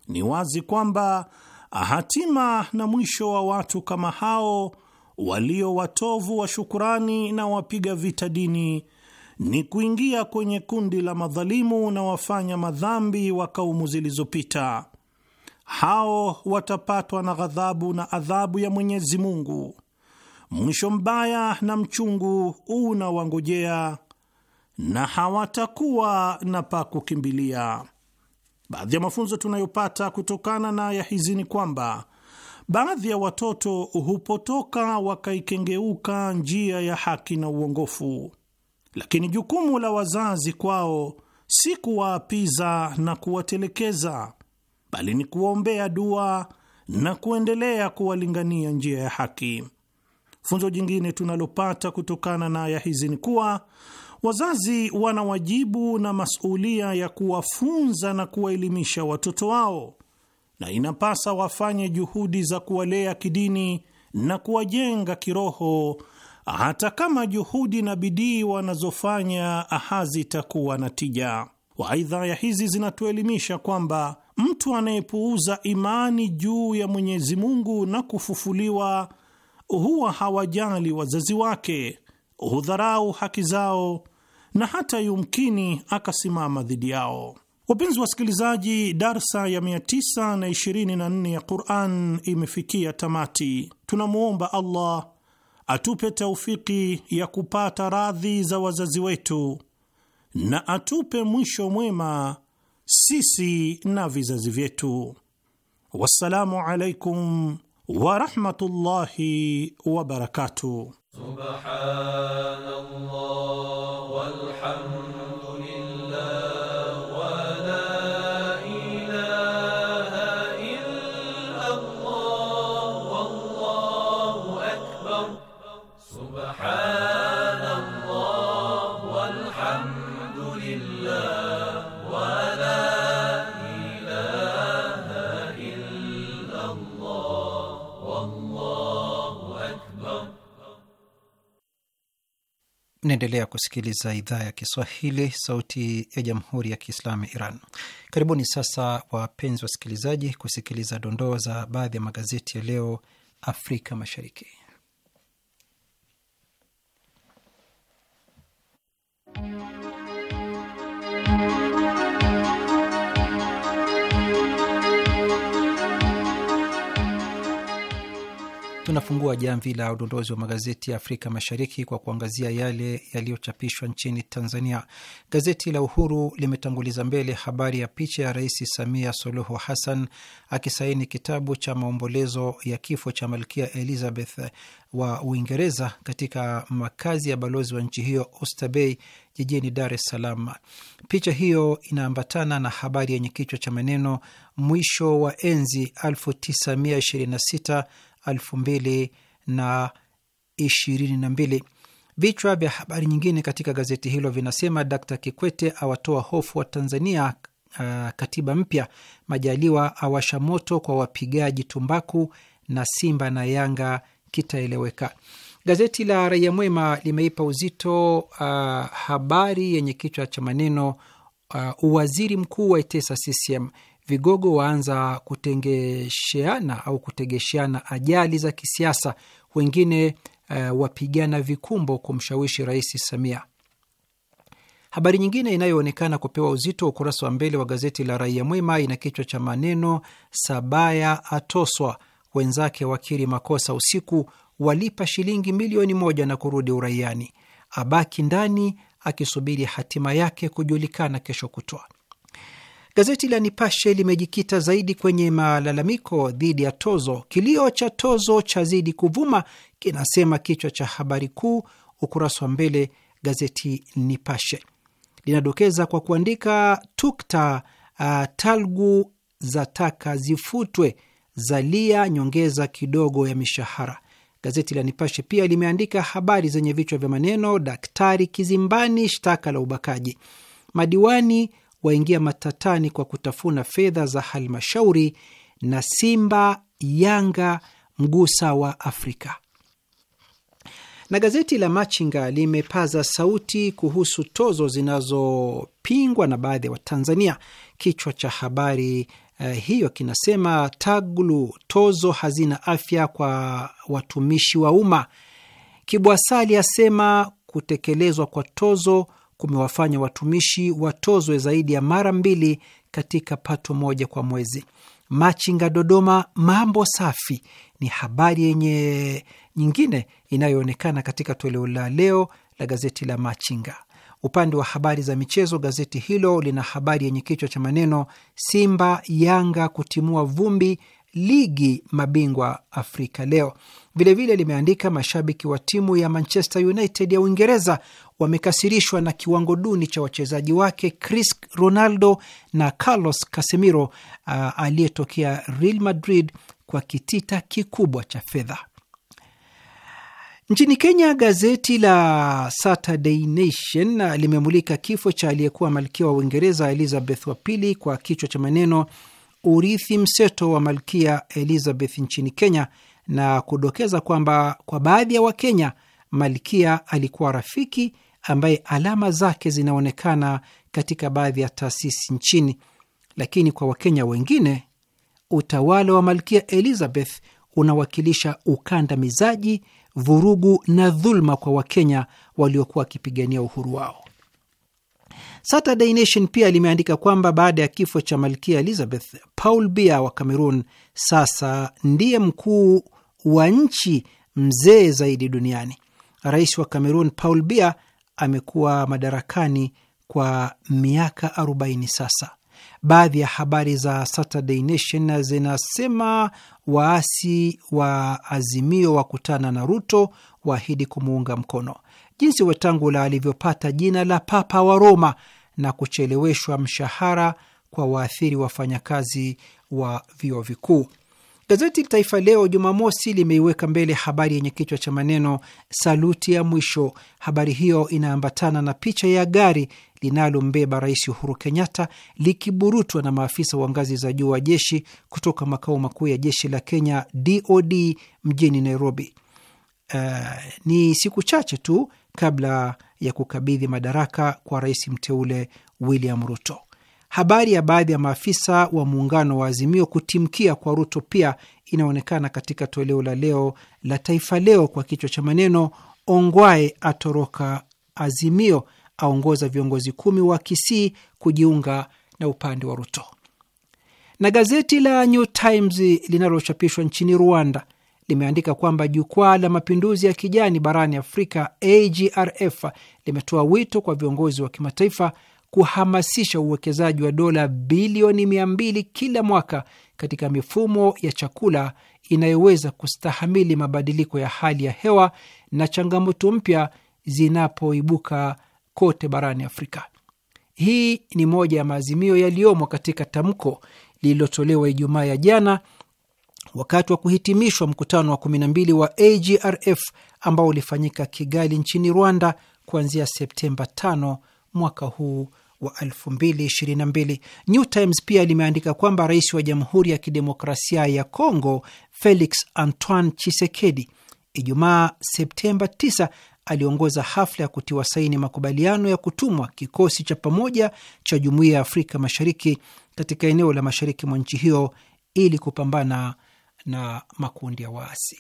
Ni wazi kwamba hatima na mwisho wa watu kama hao walio watovu wa shukurani na wapiga vita dini ni kuingia kwenye kundi la madhalimu na wafanya madhambi wa kaumu zilizopita. Hao watapatwa na ghadhabu na adhabu ya Mwenyezi Mungu. Mwisho mbaya na mchungu unawangojea na hawatakuwa na pa kukimbilia. Baadhi ya mafunzo tunayopata kutokana na aya hizi ni kwamba baadhi ya watoto hupotoka wakaikengeuka njia ya haki na uongofu lakini jukumu la wazazi kwao si kuwaapiza na kuwatelekeza, bali ni kuwaombea dua na kuendelea kuwalingania njia ya haki. Funzo jingine tunalopata kutokana na aya hizi ni kuwa wazazi wana wajibu na masulia ya kuwafunza na kuwaelimisha watoto wao, na inapasa wafanye juhudi za kuwalea kidini na kuwajenga kiroho hata kama juhudi na bidii wanazofanya hazitakuwa na tija. Waidha, ya hizi zinatuelimisha kwamba mtu anayepuuza imani juu ya Mwenyezi Mungu na kufufuliwa huwa hawajali wazazi wake, hudharau haki zao na hata yumkini akasimama dhidi yao. Wapenzi wasikilizaji, darsa ya 924 ya Quran imefikia tamati. Tunamwomba Allah atupe taufiki ya kupata radhi za wazazi wetu na atupe mwisho mwema sisi na vizazi vyetu. Wassalamu alaikum warahmatullahi wabarakatuh. Subhanallah. naendelea kusikiliza idhaa ya Kiswahili, sauti ya jamhuri ya kiislamu ya Iran. Karibuni sasa, wapenzi wasikilizaji, kusikiliza dondoo za baadhi ya magazeti ya leo Afrika Mashariki. Tunafungua jamvi la udondozi wa magazeti ya Afrika Mashariki kwa kuangazia yale yaliyochapishwa nchini Tanzania. Gazeti la Uhuru limetanguliza mbele habari ya picha ya Rais Samia Suluhu Hassan akisaini kitabu cha maombolezo ya kifo cha Malkia Elizabeth wa Uingereza katika makazi ya balozi wa nchi hiyo Oysterbay jijini Dar es Salaam. Picha hiyo inaambatana na habari yenye kichwa cha maneno mwisho wa enzi 1926 2022. Vichwa vya habari nyingine katika gazeti hilo vinasema: Dkt Kikwete awatoa hofu wa Tanzania, uh, katiba mpya; Majaliwa awasha moto kwa wapigaji tumbaku; na Simba na Yanga kitaeleweka. Gazeti la Raia Mwema limeipa uzito uh, habari yenye kichwa cha maneno uh, uwaziri mkuu wa itesa CCM vigogo waanza kutengesheana au kutegesheana ajali za kisiasa, wengine uh, wapigana vikumbo kumshawishi Rais Samia. Habari nyingine inayoonekana kupewa uzito wa ukurasa wa mbele wa gazeti la Raia Mwema ina kichwa cha maneno Sabaya atoswa, wenzake wakiri makosa usiku, walipa shilingi milioni moja na kurudi uraiani, abaki ndani akisubiri hatima yake kujulikana kesho kutwa. Gazeti la Nipashe limejikita zaidi kwenye malalamiko dhidi ya tozo. Kilio cha tozo chazidi kuvuma, kinasema kichwa cha habari kuu ukurasa wa mbele. Gazeti Nipashe linadokeza kwa kuandika tukta uh, talgu za taka zifutwe, zalia nyongeza kidogo ya mishahara. Gazeti la Nipashe pia limeandika habari zenye vichwa vya maneno: daktari kizimbani, shtaka la ubakaji, madiwani waingia matatani kwa kutafuna fedha za halmashauri na Simba Yanga mgusa wa Afrika. Na gazeti la Machinga limepaza sauti kuhusu tozo zinazopingwa na baadhi ya Watanzania. Kichwa cha habari uh, hiyo kinasema taglu tozo hazina afya kwa watumishi wa umma. Kibwasali asema kutekelezwa kwa tozo kumewafanya watumishi watozwe zaidi ya mara mbili katika pato moja kwa mwezi. Machinga Dodoma, mambo safi ni habari yenye nyingine inayoonekana katika toleo la leo la gazeti la Machinga. Upande wa habari za michezo, gazeti hilo lina habari yenye kichwa cha maneno Simba Yanga kutimua vumbi ligi mabingwa Afrika leo. Vilevile limeandika mashabiki wa timu ya Manchester United ya Uingereza wamekasirishwa na kiwango duni cha wachezaji wake Chris Ronaldo na Carlos Casemiro uh, aliyetokea Real Madrid kwa kitita kikubwa cha fedha. Nchini Kenya, gazeti la Saturday Nation uh, limemulika kifo cha aliyekuwa malkia wa Uingereza Elizabeth wa pili kwa kichwa cha maneno urithi mseto wa malkia Elizabeth nchini Kenya, na kudokeza kwamba kwa baadhi ya Wakenya, Malkia alikuwa rafiki ambaye alama zake zinaonekana katika baadhi ya taasisi nchini, lakini kwa Wakenya wengine utawala wa Malkia Elizabeth unawakilisha ukandamizaji, vurugu na dhuluma kwa Wakenya waliokuwa wakipigania uhuru wao. Saturday Nation pia limeandika kwamba baada ya kifo cha Malkia Elizabeth, Paul Bia wa Cameroon sasa ndiye mkuu wa nchi mzee zaidi duniani. Rais wa cameron Paul Bia amekuwa madarakani kwa miaka 40 sasa. Baadhi ya habari za Saturday Nation zinasema waasi wa Azimio wakutana na Ruto, waahidi kumuunga mkono. Jinsi Wetangula alivyopata jina la Papa wa Roma na kucheleweshwa mshahara kwa waathiri wafanyakazi wa vyuo vikuu. Gazeti Taifa Leo Jumamosi limeiweka mbele habari yenye kichwa cha maneno saluti ya mwisho. Habari hiyo inaambatana na picha ya gari linalombeba Rais Uhuru Kenyatta likiburutwa na maafisa wa ngazi za juu wa jeshi kutoka makao makuu ya jeshi la Kenya DOD mjini Nairobi. Uh, ni siku chache tu kabla ya kukabidhi madaraka kwa rais mteule William Ruto. Habari ya baadhi ya maafisa wa muungano wa Azimio kutimkia kwa Ruto pia inaonekana katika toleo la leo la Taifa Leo kwa kichwa cha maneno Ongwae atoroka Azimio, aongoza viongozi kumi wa Kisii kujiunga na upande wa Ruto. Na gazeti la New Times linalochapishwa nchini Rwanda limeandika kwamba jukwaa la mapinduzi ya kijani barani Afrika, AGRF, limetoa wito kwa viongozi wa kimataifa kuhamasisha uwekezaji wa dola bilioni mia mbili kila mwaka katika mifumo ya chakula inayoweza kustahamili mabadiliko ya hali ya hewa na changamoto mpya zinapoibuka kote barani Afrika. Hii ni moja ya maazimio yaliyomo katika tamko lililotolewa Ijumaa ya jana wakati wa kuhitimishwa mkutano wa 12 wa AGRF ambao ulifanyika Kigali nchini Rwanda kuanzia Septemba 5 mwaka huu wa 2022. New Times pia limeandika kwamba rais wa Jamhuri ya Kidemokrasia ya Kongo Felix Antoine Chisekedi Ijumaa Septemba 9 aliongoza hafla ya kutiwa saini makubaliano ya kutumwa kikosi cha pamoja cha Jumuiya ya Afrika Mashariki katika eneo la mashariki mwa nchi hiyo ili kupambana na makundi ya waasi.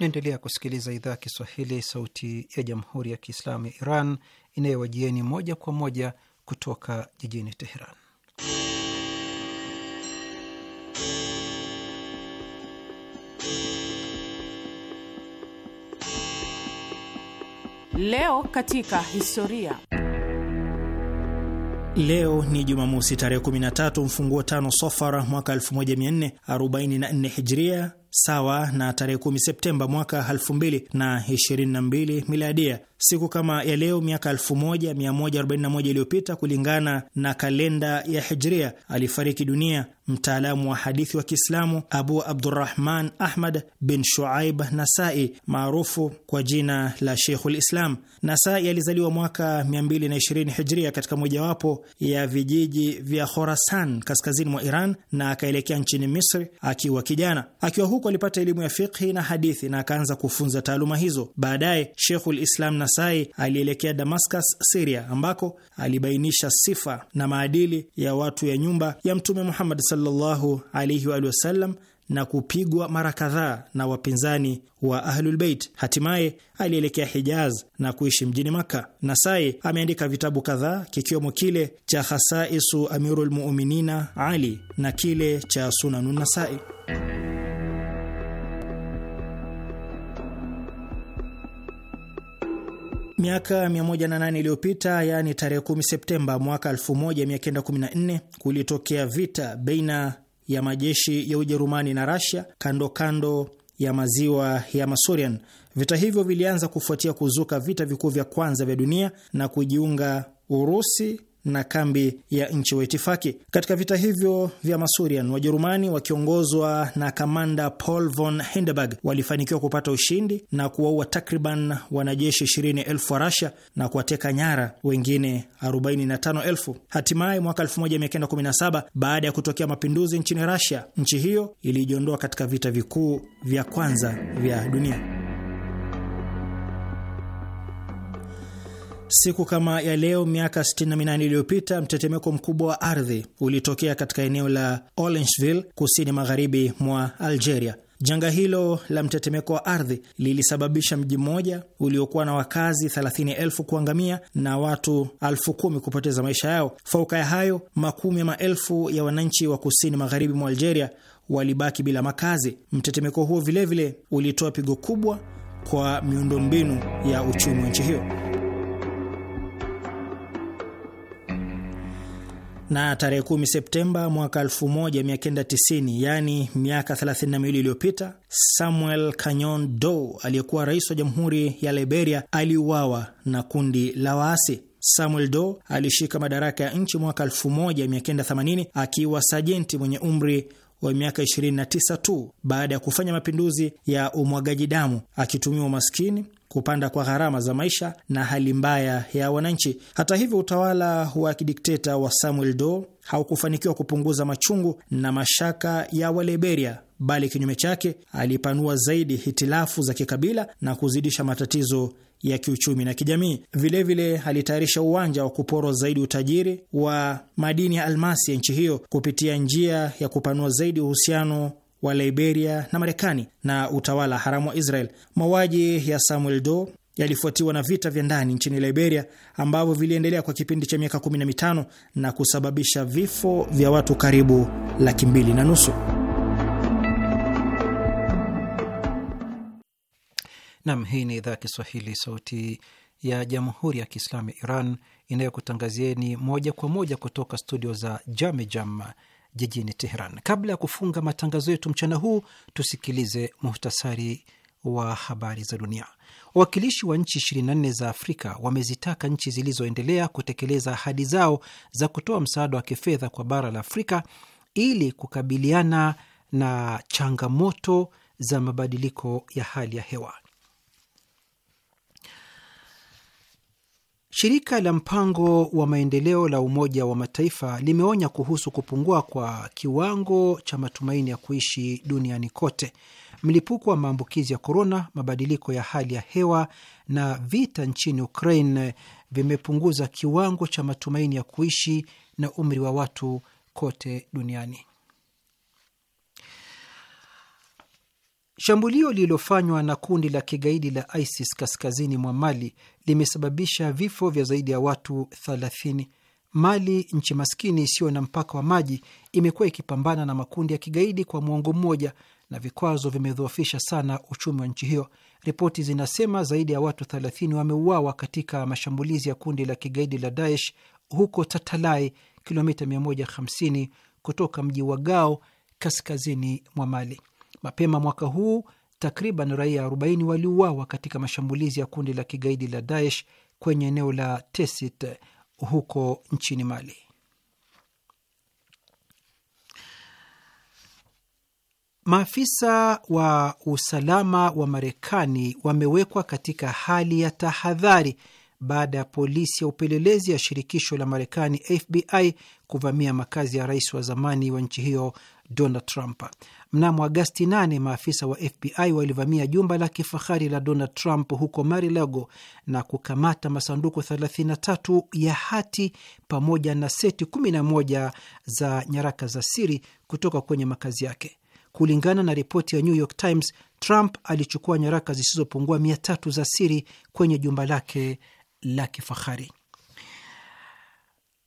Naendelea kusikiliza idhaa ya Kiswahili, sauti ya jamhuri ya kiislamu ya Iran inayowajieni moja kwa moja kutoka jijini Teheran. Leo katika historia. Leo ni Jumamosi tarehe 13 mfunguo tano Sofara mwaka 1444 Hijria sawa na tarehe 10 Septemba mwaka 2022 miladia siku kama ya leo miaka 1141 iliyopita kulingana na kalenda ya Hijria alifariki dunia mtaalamu wa hadithi wa Kiislamu Abu Abdurrahman Ahmad bin Shuaib Nasai maarufu kwa jina la Sheikhul Islam. Nasai alizaliwa mwaka 220 Hijria katika mojawapo ya vijiji vya Khorasan kaskazini mwa Iran na akaelekea nchini Misri akiwa kijana. Akiwa huko alipata elimu ya fiqhi na hadithi na akaanza kufunza taaluma hizo. Baadaye Sheikhul Islam Nasai alielekea Damascus, Siria, ambako alibainisha sifa na maadili ya watu ya nyumba ya Mtume Muhammad sallallahu alaihi wa sallam na kupigwa mara kadhaa na wapinzani wa Ahlulbeit. Hatimaye alielekea Hijaz na kuishi mjini Makka. Nasai ameandika vitabu kadhaa kikiwemo kile cha Khasaisu Amirulmuminina Ali na kile cha Sunanun Nasai. Miaka 108 iliyopita, yaani tarehe 10 Septemba mwaka 1914, kulitokea vita baina ya majeshi ya Ujerumani na russia kando kando ya maziwa ya Masurian. Vita hivyo vilianza kufuatia kuzuka vita vikuu vya kwanza vya dunia na kujiunga Urusi na kambi ya nchi wa itifaki Katika vita hivyo vya Masurian, Wajerumani wakiongozwa na kamanda Paul von Hindenburg walifanikiwa kupata ushindi na kuwaua takriban wanajeshi ishirini wa Rasia na kuwateka nyara wengine 45,000. Hatimaye mwaka 1917 baada ya kutokea mapinduzi nchini Rasia, nchi hiyo ilijiondoa katika vita vikuu vya kwanza vya dunia. Siku kama ya leo miaka 68 iliyopita mtetemeko mkubwa wa ardhi ulitokea katika eneo la Orangeville kusini magharibi mwa Algeria. Janga hilo la mtetemeko wa ardhi lilisababisha mji mmoja uliokuwa na wakazi thelathini kuangamia na watu elfu kupoteza maisha yao. Fauka ya hayo, makumi ya maelfu ya wananchi wa kusini magharibi mwa Algeria walibaki bila makazi. Mtetemeko huo vilevile ulitoa pigo kubwa kwa miundombinu ya uchumi wa nchi hiyo. na tarehe 10 Septemba mwaka 1990, yaani miaka 32 iliyopita, Samuel Canyon Doe aliyekuwa rais wa jamhuri ya Liberia aliuawa na kundi la waasi. Samuel Doe alishika madaraka ya nchi mwaka 1980 akiwa sajenti mwenye umri wa miaka 29 tu baada ya kufanya mapinduzi ya umwagaji damu akitumia umaskini kupanda kwa gharama za maisha na hali mbaya ya wananchi. Hata hivyo, utawala wa kidikteta wa Samuel Doe haukufanikiwa kupunguza machungu na mashaka ya Waliberia, bali kinyume chake alipanua zaidi hitilafu za kikabila na kuzidisha matatizo ya kiuchumi na kijamii. Vilevile alitayarisha uwanja wa kuporwa zaidi utajiri wa madini ya almasi ya nchi hiyo kupitia njia ya kupanua zaidi uhusiano wa Liberia na Marekani na utawala haramu wa Israel. Mauaji ya Samuel Doe yalifuatiwa na vita vya ndani nchini Liberia ambavyo viliendelea kwa kipindi cha miaka 15 na kusababisha vifo vya watu karibu laki mbili na nusu. Nam, hii ni idhaa ya Kiswahili, sauti ya jamhuri ya kiislamu ya Iran inayokutangazieni moja kwa moja kutoka studio za Jamejam jam jijini Teheran. Kabla ya kufunga matangazo yetu mchana huu, tusikilize muhtasari wa habari za dunia. Wawakilishi wa nchi 24 za Afrika wamezitaka nchi zilizoendelea kutekeleza ahadi zao za kutoa msaada wa kifedha kwa bara la Afrika ili kukabiliana na changamoto za mabadiliko ya hali ya hewa. Shirika la mpango wa maendeleo la Umoja wa Mataifa limeonya kuhusu kupungua kwa kiwango cha matumaini ya kuishi duniani kote, mlipuko wa maambukizi ya korona, mabadiliko ya hali ya hewa na vita nchini Ukraine vimepunguza kiwango cha matumaini ya kuishi na umri wa watu kote duniani. Shambulio lililofanywa na kundi la kigaidi la ISIS kaskazini mwa Mali limesababisha vifo vya zaidi ya watu 30. Mali, nchi maskini isiyo na mpaka wa maji, imekuwa ikipambana na makundi ya kigaidi kwa mwongo mmoja na vikwazo vimedhoofisha sana uchumi wa nchi hiyo. Ripoti zinasema zaidi ya watu 30 wameuawa katika mashambulizi ya kundi la kigaidi la Daesh huko Tatalai, kilomita 150 kutoka mji wa Gao, kaskazini mwa Mali. Mapema mwaka huu takriban raia 40 waliuawa katika mashambulizi ya kundi la kigaidi la Daesh kwenye eneo la Tesit huko nchini Mali. Maafisa wa usalama wa Marekani wamewekwa katika hali ya tahadhari baada ya polisi ya upelelezi ya shirikisho la Marekani FBI kuvamia makazi ya rais wa zamani wa nchi hiyo Donald Trump. Mnamo Agasti 8 maafisa wa FBI walivamia jumba la kifahari la Donald Trump huko Marilago na kukamata masanduku 33 ya hati pamoja na seti 11 za nyaraka za siri kutoka kwenye makazi yake. Kulingana na ripoti ya New York Times, Trump alichukua nyaraka zisizopungua 3 za siri kwenye jumba lake la kifahari.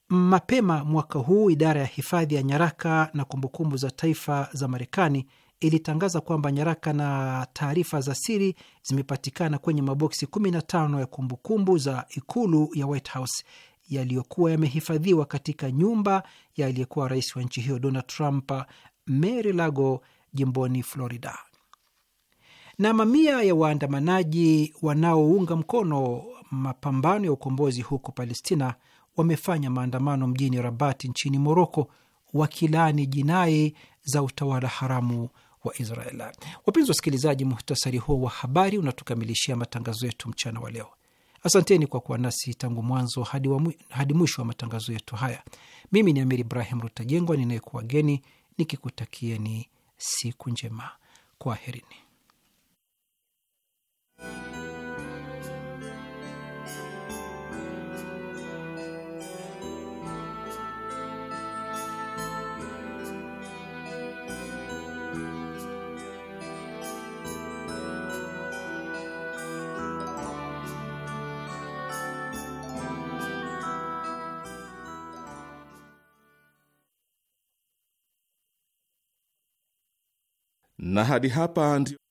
Mapema mwaka huu idara ya hifadhi ya nyaraka na kumbukumbu za taifa za Marekani ilitangaza kwamba nyaraka na taarifa za siri zimepatikana kwenye maboksi 15 ya kumbukumbu za ikulu ya White House yaliyokuwa yamehifadhiwa katika nyumba ya aliyekuwa rais wa nchi hiyo Donald Trump Mary lago jimboni Florida. Na mamia ya waandamanaji wanaounga mkono mapambano ya ukombozi huko Palestina wamefanya maandamano mjini Rabati nchini Moroko wakilaani jinai za utawala haramu wa Israel. Wapenzi wasikilizaji, muhtasari huo wa habari unatukamilishia matangazo yetu mchana wa leo. Asanteni kwa kuwa nasi tangu mwanzo hadi, hadi mwisho wa matangazo yetu haya. Mimi ni Amiri Ibrahim Rutajengwa ninayekuwageni nikikutakieni siku njema. Kwaherini. Na hadi hapa ndio